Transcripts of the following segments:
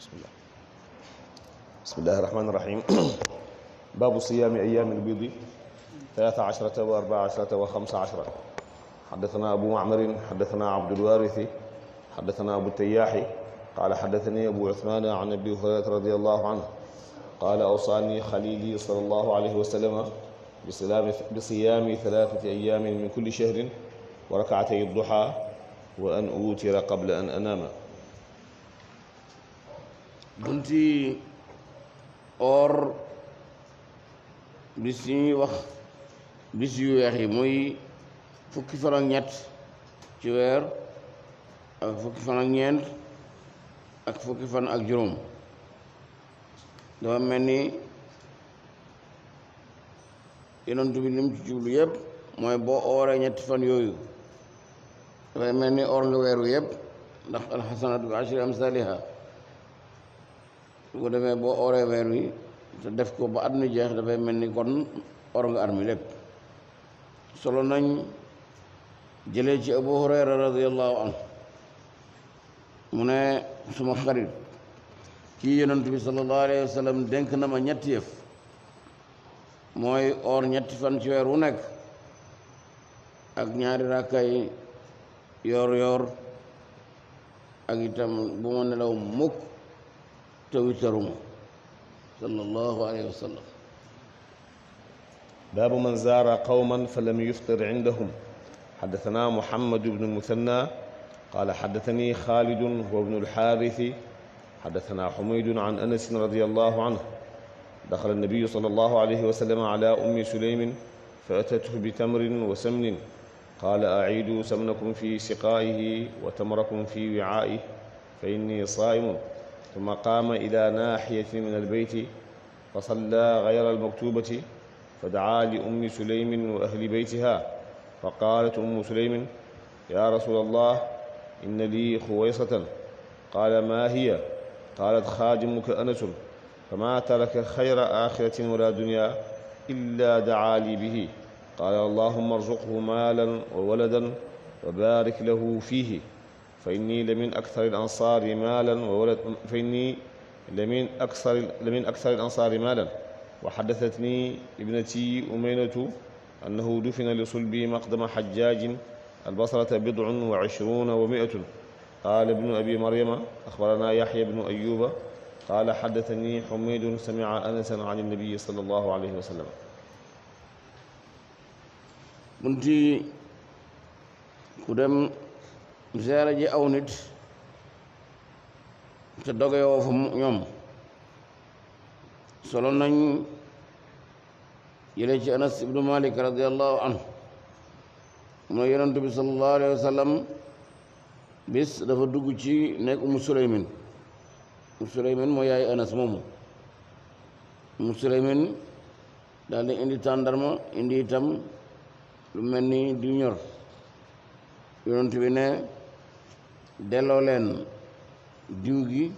bismillah bismillahi rahmaani rahiim baabu siyaami ayyaami l-biidi talaata ashrata wa arbaa ashrata wa xamsa ashrata xaddasanaa abu macmarin xaddasanaa abdul waarisi xaddasanaa abu tayyaaxi qaala xaddasanii abu usmaan an abi hurayrata radiyallaahu anhu qaala awsaanii xaliilii sallallaahu alayhi wa sallama bi siyaami talaatati ayyaamin min kulli shahrin wa rakcatay duhaa wa an uutira qabla an anaama bunti or bis yi wax bis yu weex yi muy fukki fan ak ñett ci weer ak fukki fan ak ñeent ak fukki fan ak juróom dafa mel ni yonent bi li mu ci jublu yëpp mooy boo ooree ñetti fan yooyu dafay mel ni or nga weeru yëpp ndax alxasanatu bi ashri amsaliha su ko defee boo oree weer wi te def ko ba at mi jeex dafay mel ni kon or nga at mi lépp solo nañ jële ci abu hurayra radiyallahu anhu mu ne suma xarit kii yonent bi sallallahu dénk na ma ñetti yëf mooy or ñetti fan ci weer wu nekk ak ñaari rakkay yoor yoor ak itam bu ma nelaw mukk te wittaruma sallallahu alayhi wa sallam baabu man zaara qawman fa lam yuftir indahum xaddatanaa muhammad ibnu musanna qaala xaddatanii xaalidun wa ibnu alxaarisi xaddatanaa xumaydun an anasin radiyallahu anhu daxala nabiyu sallallahu alayhi wa sallam ala ummi sulaymin fa atathu bi tamrin wa samnin qaala aciidu samnakum fi siqaa'ihi wa tamrakum fi wicaa'ihi fa innii saa'imun ثم قام إلى ناحية من البيت فصلى غير المكتوبة فدعا لأم سليم وأهل بيتها فقالت أم سليم يا رسول الله إن لي خويصة قال ما هي قالت خادمك أنس فما ترك خير آخرة ولا دنيا إلا دعا لي به قال اللهم ارزقه مالا وولدا وبارك له فيه fa inni la min akthari al-ansaari maalan wa walad fa inni la min akthari la min akthari al-ansaari maalan wa haddathatni ibnati umaynatu annahu dufina li sulbi maqdama hajjaajin albasrata bid'un wa ishruuna wa mi'atun qaala ibnu abi maryama axbaranaa yaxya ibnu ayuba qaala xaddatanii xumaydun samica anasan an nabiyi sallallahu alayhi wa sallam munti ku dem ziyaara ji aw nit te dogewoo fa ñoom solo nañ jëlee ci anas ibnu malik radiallahu anhu mu ne yonent bi sallallahu alayhi bis dafa dugg ci nekk umu suleymin umu suleymin moo yaay anas moomu umu suleymin daal di indi tàndarma indi itam lu mel ni di ñor bi ne delloo leen diw gi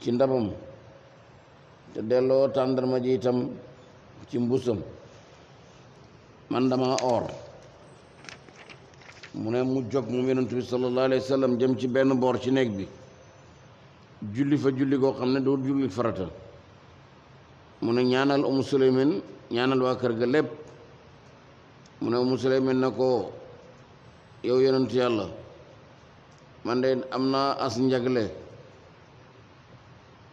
ci ndabam te delloo tàndarma ji itam ci mbusam man dama oor mu ne mu jóg mu yonent bi sallallahu alayhi jëm ci benn boor ci néeg bi julli fa julli koo xam ne doo julli farata mu ne ñaanal umu suleymin ñaanal waa kër ga lépp mu ne umu suleymin na ko yow yonent yàlla man de am naa as njagle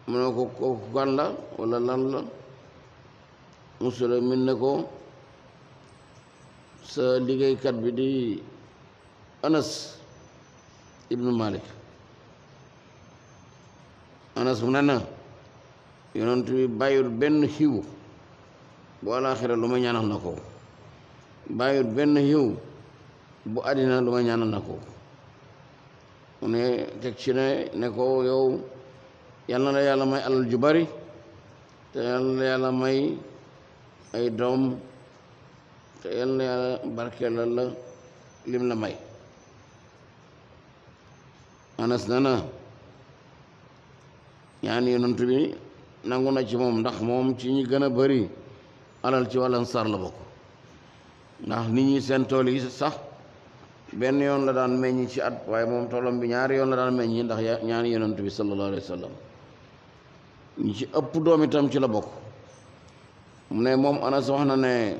mu ne ko kooku kan la wala lan la musulmin ne ko sa liggéeykat bi di anas ibnu malik anas mu ne na yonent bi bàyyul benn xiw bu alaaxira lu ma ñaanal na ko bàyyul benn xiw bu àddina lu ma ñaanal na ko mu ne teg ci ne ne ko yow yal na la yàlla may alal ju bari te yal yàlla may ay doom te yal na yàlla barkeelal la lim la may anas na na ñaan yonent bi nangu na ci moom ndax moom ci ñi gën a bari alal ci wàllu ansaar la bokk ndax nit ñi seen tool yi sax benn yoon la daan meññ ci at waaye moom toolam bi ñaari yoon la daan meññ ndax ñaari yonent bi sallallahu alayhi wa sallam ñi ci ëpp doom itam ci la bokk mu ne moom Anas wax na ne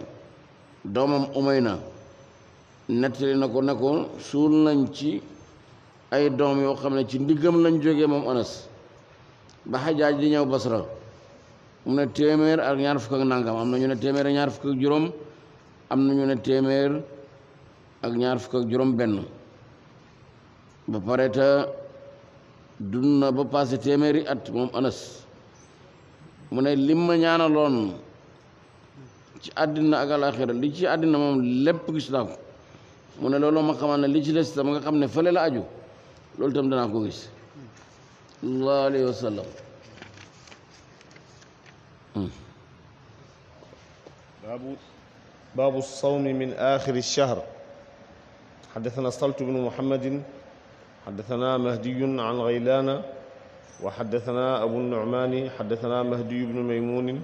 doomam na nettali na ko ne ko suul nañ ci ay doom yoo xam ne ci ndiggam lañ jóge moom Anas ba xajaaj di ñëw Basra mu ne téeméer ak ñaar fukk ak nangam am na ñu ne téeméer ñaar fukk ak juróom am na ñu ne téeméer ak ñaar fukk ak juróom benn ba pare te dund na ba passé téeméeri at moom anas mu ne lim ma ñaanaloon ci àddina ak alaxira li ci àddina moom lépp gis naa ko mu ne loolu ma xamal ne li ci des tam nga xam ne fële la aju loolu tam danaa ko gis sallallahu alayhi hmm. baabu baabu sawmi min axiri shahr xaddatana saltu bnu muhammadin xaddatana mahdiyun an gaylaana wa xaddatana abu nucmaani xaddatana mahdiyu bnu maymuunin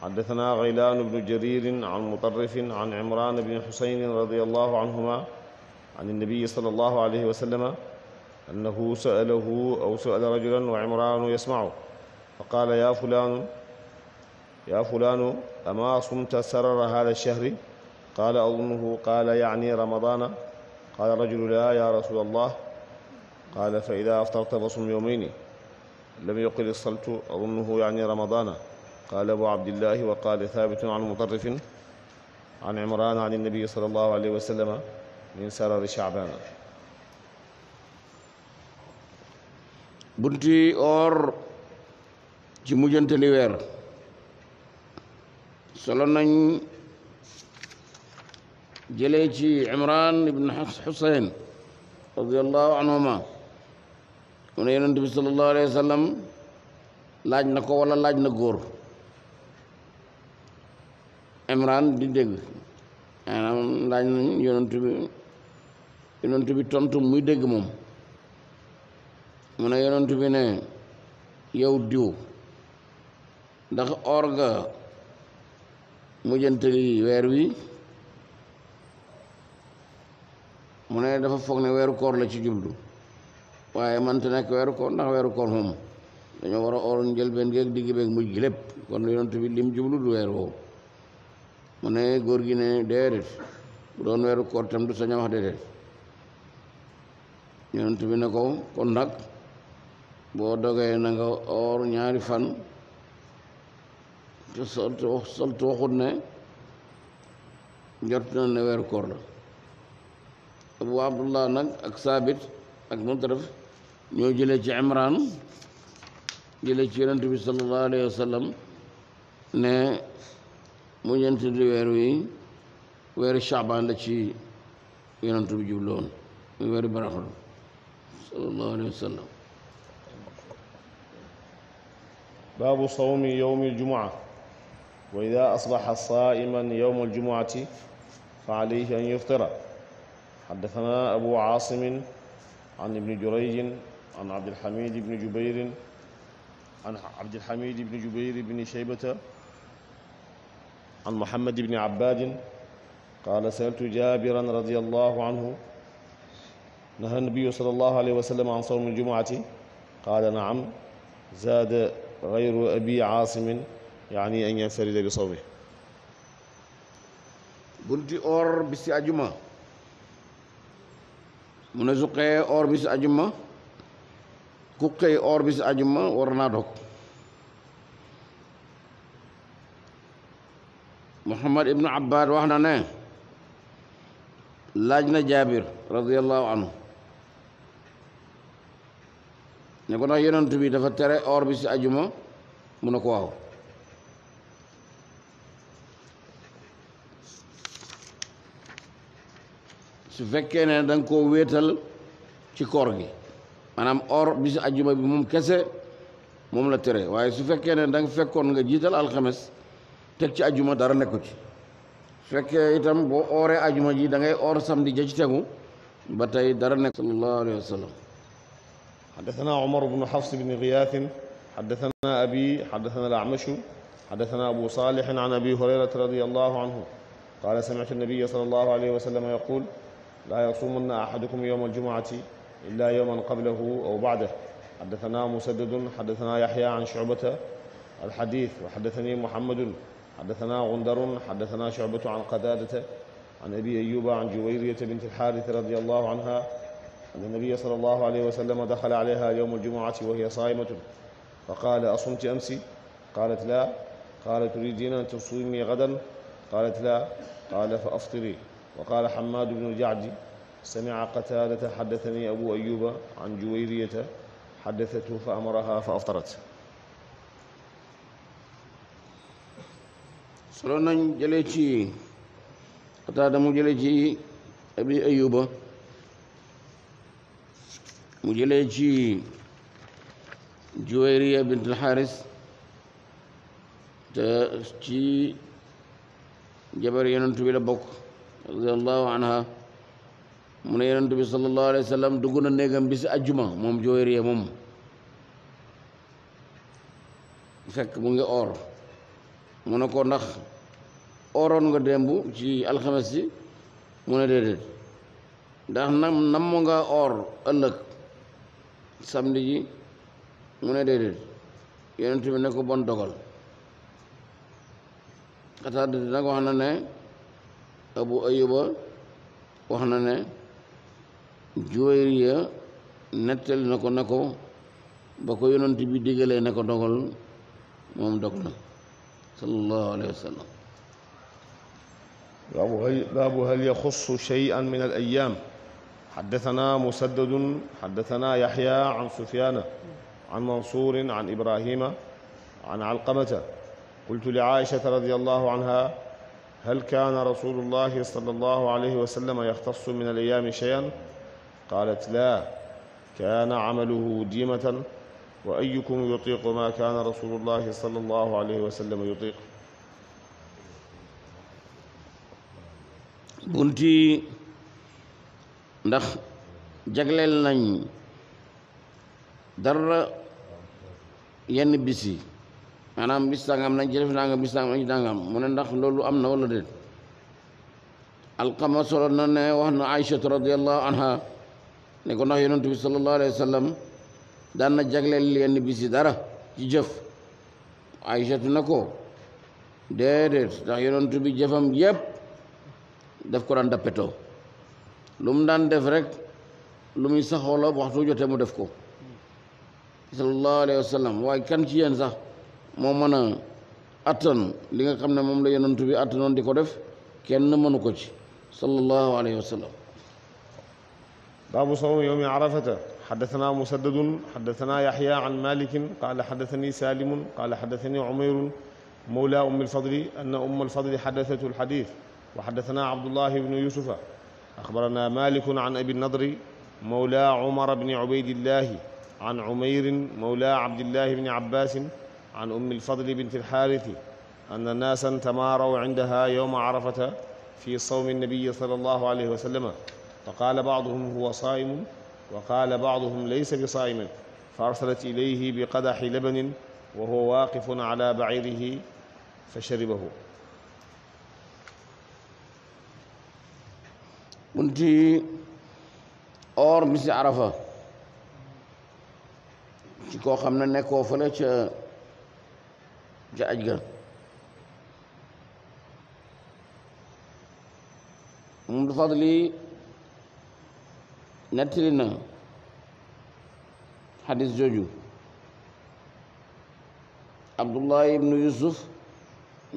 xaddatana gaylaanu bnu jaririn an mutarrifin an cimraan bni xusaynin radiallahu anhuma an annabiyi sal allahu alayhi wa sallama annahu sa'alahu aw sa'ala rajulan wa cimraanu yasmacu fa qaala yaa fulaanu yaa fulaanu amaa sumta sarara hada alshahri qaala adunnuhu qaala yacni ramadaana قال رجل لا يا رسول الله قال فإذا أفطرت فصم يومين لم يقل الصلت أظنه يعني رمضان قال أبو عبد الله وقال ثابت عن مطرف عن عمران عن النبي صلى الله عليه وسلم من سرر شعبان bunti or ci mujjantali weer solo nañ jële ci imran ibn xusayn radiallahu anhuma mu ne yonent bi sallallahu alayhi laaj na ko wala laaj na góor imran di dégg laaj nañ yonent bi bi tontu muy dégg moom mu ne yonent bi ne yow diw ndax or nga mujjantali weer wi mu ne dafa foog ne weeru koor la ci jublu waaye man te nekk weeru koor ndax weeru koor moom dañoo war a oor njëlbeen geeg digg beeg mujj gi lépp kon yonent bi lim jublu du weer woowu mu ne góor gi ne déedéet bu doon weeru koor tam du sañ a wax déedéet yonent bi ne ko kon nag boo dogee na nga oor ñaari fan te soltu waxut ne jot na ne weeru koor la abu abdullah nag ak saabit ak mutaraf ñoo jëlee ci imran jëlee ci yonent bi sallallahu alayhi wa sallam ne mu ñent di weer wi weeru chaban la ci yonent bi jubloon mu weeru baraxlu sallallahu alayhi wa sallam baabu sawmi yowmi aljumaa wa ida asbaxa saa'iman yowma aljumuati fa alayhi an yuftira xaddasanaa abu caasimin an ibni jurayjin an abdilxamid ibni jubairin an abdilxamid ibni jubair ibni shaybata an muhammad ibni abbaadin qaala saaltu jaabiran radi allahu anhu naha nabiyu sal allahu alayhi wa sallam an sawmi ljumuati qaala naam zaada gayru abi caasimin yaani an yanfarida bi sawmi bunti or bisi ajuma mu ne su xëyee or bis ajuma ku xëy or bis ajuma war naa dog Muhammad ibnu Abbad wax na ne laaj na Jaabir radiyallahu anhu ne ko na yonent bi dafa tere or bis ajuma mu ne ko waaw su fekkee ne da nga koo wéetal ci koor gi maanaam or bisu ajjuma bi moom kese moom la tere waaye su fekkee ne da fekkoon nga jiital alxames teg ci ajuma dara nekku ci su fekkee itam boo oree ajuma ji dangay ngay or samedi ja ci tegu ba tey dara nekk sallallahu alayhi wa sallam حدثنا عمر بن حفص بن غياث حدثنا أبي حدثنا الأعمش حدثنا أبو صالح عن أبي هريرة رضي الله عنه قال سمعت النبي صلى الله عليه laa yasuumanna ahadukum yowma aljumaati illa yowman qablahu aw baadahu xaddatanaa musaddadun xaddatanaa yaxya an shucbata alxadis wa xaddatanii muhammadun xaddatanaa gundarun xaddatanaa shucbatu an qataadata an abi ayuba an juwayriyata bint alxaaris radiyallahu anha أن النبي صلى الله عليه وسلم دخل عليها يوم الجمعة وهي صائمة فقال أصمت أمس؟ قالت لا قال تريدين أن تصومي غدا؟ قالت لا قال فأفطري wa qaala xamaadu bnu jacdi samica qataadata xaddatanii abu ayuba can juwayriyata xaddatatu fa amaraha fa aftarat solo nañ jëlee ci qataada mu jëlee ci abi ayuba mu jëlee ci juwayriya bint alxaaris te ci jabar yonent bi la bokk radiallahu anha mu ne yonent bi sallallahu alayhi wa dugg na néegam bi si ajjuma moom Juwayriya moom fekk mu ngi or mu ne ko ndax ooroon nga démb ci alxames yi mu ne déedéet ndax nam nam nga or ëllëg samedi ji mu ne déedéet yonent bi ne ko bon dogal xataat dina ko wax na ne abu ayuba wax na ne juwayriya nettali na ko ne ko ba ko yonent bi digalee ne ko dogal moom dog na sallallahu alayhi wa sallam baabu hal yaxussu shay'an min al ayyaam xaddatana musaddadun xaddatana yaxya an sufyaana an mansuurin an ibrahima an alqamata qultu li aishata radiallahu anha هل كان رسول الله صلى الله عليه وسلم يختص من الأيام شيئا قالت لا كان عمله ديمة وأيكم يطيق ما كان رسول الله صلى الله عليه وسلم يطيق bunti ndax jagleel nañ dara yenn bis yi maanaam bis sàngam nañ ci def nangam bis sàngam nañ ci nangam mu ne ndax loolu am na wala déet alqama solo na ne wax na aïchatu radiallahu anha ne ko ndax yonent bi sallallahu alayhi daan na jagleel yenn bis yi dara ci jëf aïchatu na ko déedéet ndax yonent bi jëfam yépp def ko daan dappetoo lu mu daan def rek lu muy saxoo waxtu jotee mu def ko sallallahu alayhi waaye kan ci yéen sax moo mën a attan li nga xam ne moom la yonent bi attanoon di ko def kenn mënu ko ci sallallahu alayhi wa sallam baabu sawmi yowmi arafata xaddatanaa musaddadun xaddatanaa yaxya an malikin qaala xaddatanii saalimun qaala xaddatanii umayrun mawla ummi alfadli anna umma alfadli xaddatatu alxadis wa xaddatanaa abdullahi bnu yusufa axbaranaa malikun an abi nadri mawla umara bni ubaydillahi an umayrin mawla abdillahi bni abbasin عن أم الفضل بنت الحارث أن ناسا تماروا عندها يوم عرفة في صوم النبي صلى الله عليه وسلم فقال بعضهم هو صائم وقال بعضهم ليس بصائم فأرسلت إليه بقدح لبن وهو واقف على بعيره فشربه mun ci or bisi arafa ci koo xam ne nekkoo fële ca ca aj ga moom fadli nettali na xadis jooju abdullahi ibnu yusuf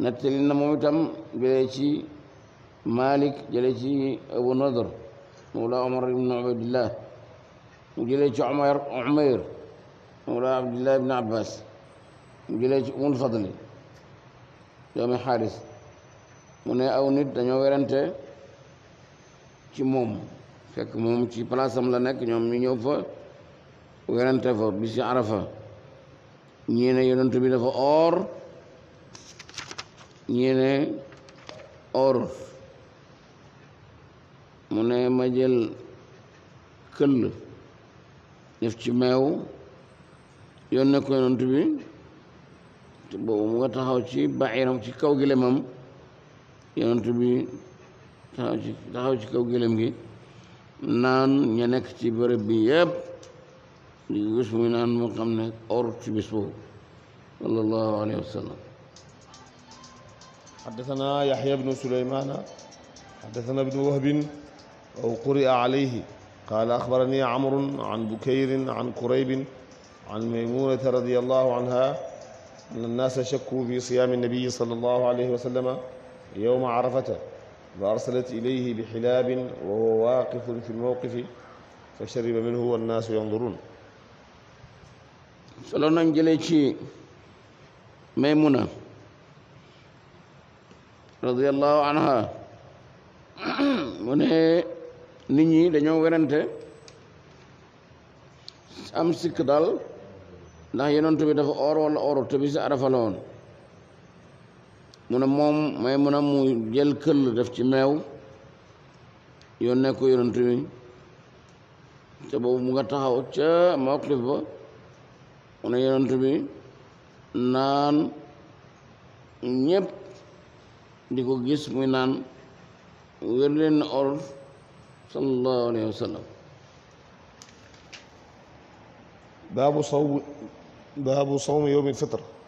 nettali na moom itam malik jëlee abu nadr mawla omar ibnu ubaydillah mu jëlee ci umayr umayr mawla abdillah ibnu jëlee mun fadli doomi xaaris mu ne aw nit dañoo werante ci moom fekk moom ci palaasam la nekk ñoom ñu ñëw fa werante fa bis ci arafa ñii ne bi dafa oor ñii oorut mu ne ma jël këll def ci meew yónnee ko yonent bi boobu mu nga taxaw ci bairam ci kaw gëlëmam yonent bi taxaw ci taxaw ci kaw gëlëm gi naan ña nekk ci bërëb bi yëpp di gis muy naan moo xam ne orut ci bis boobu sallallahu alayhi wa sallam xaddatana yaxya bnu suleymaana xaddatana ibnu wahbin aw quri'a alayhi qaala axbarani amrun an bukayrin an kuraybin an maymunata radiallahu anha أن الناس شكوا في صيام النبي صلى الله عليه وسلم يوم عرفة فأرسلت إليه بحلاب وهو واقف في الموقف فشرب منه والناس ينظرون solo nañ jëlee ci Maymuna radiyallahu anha mu ne nit ñi dañoo werante am sikk daal ndax yonent bi dafa or wala oru te bisu arafa la mu ne moom may mun a mu jël këll def ci meew yónnee ko yonent bi te mu nga taxaw ca mawqif ba mu ne yonent bi naan ñëpp di ko gis muy naan wér leen na or sallallahu alayhi baabu saw baabu sawmi yowmil fitr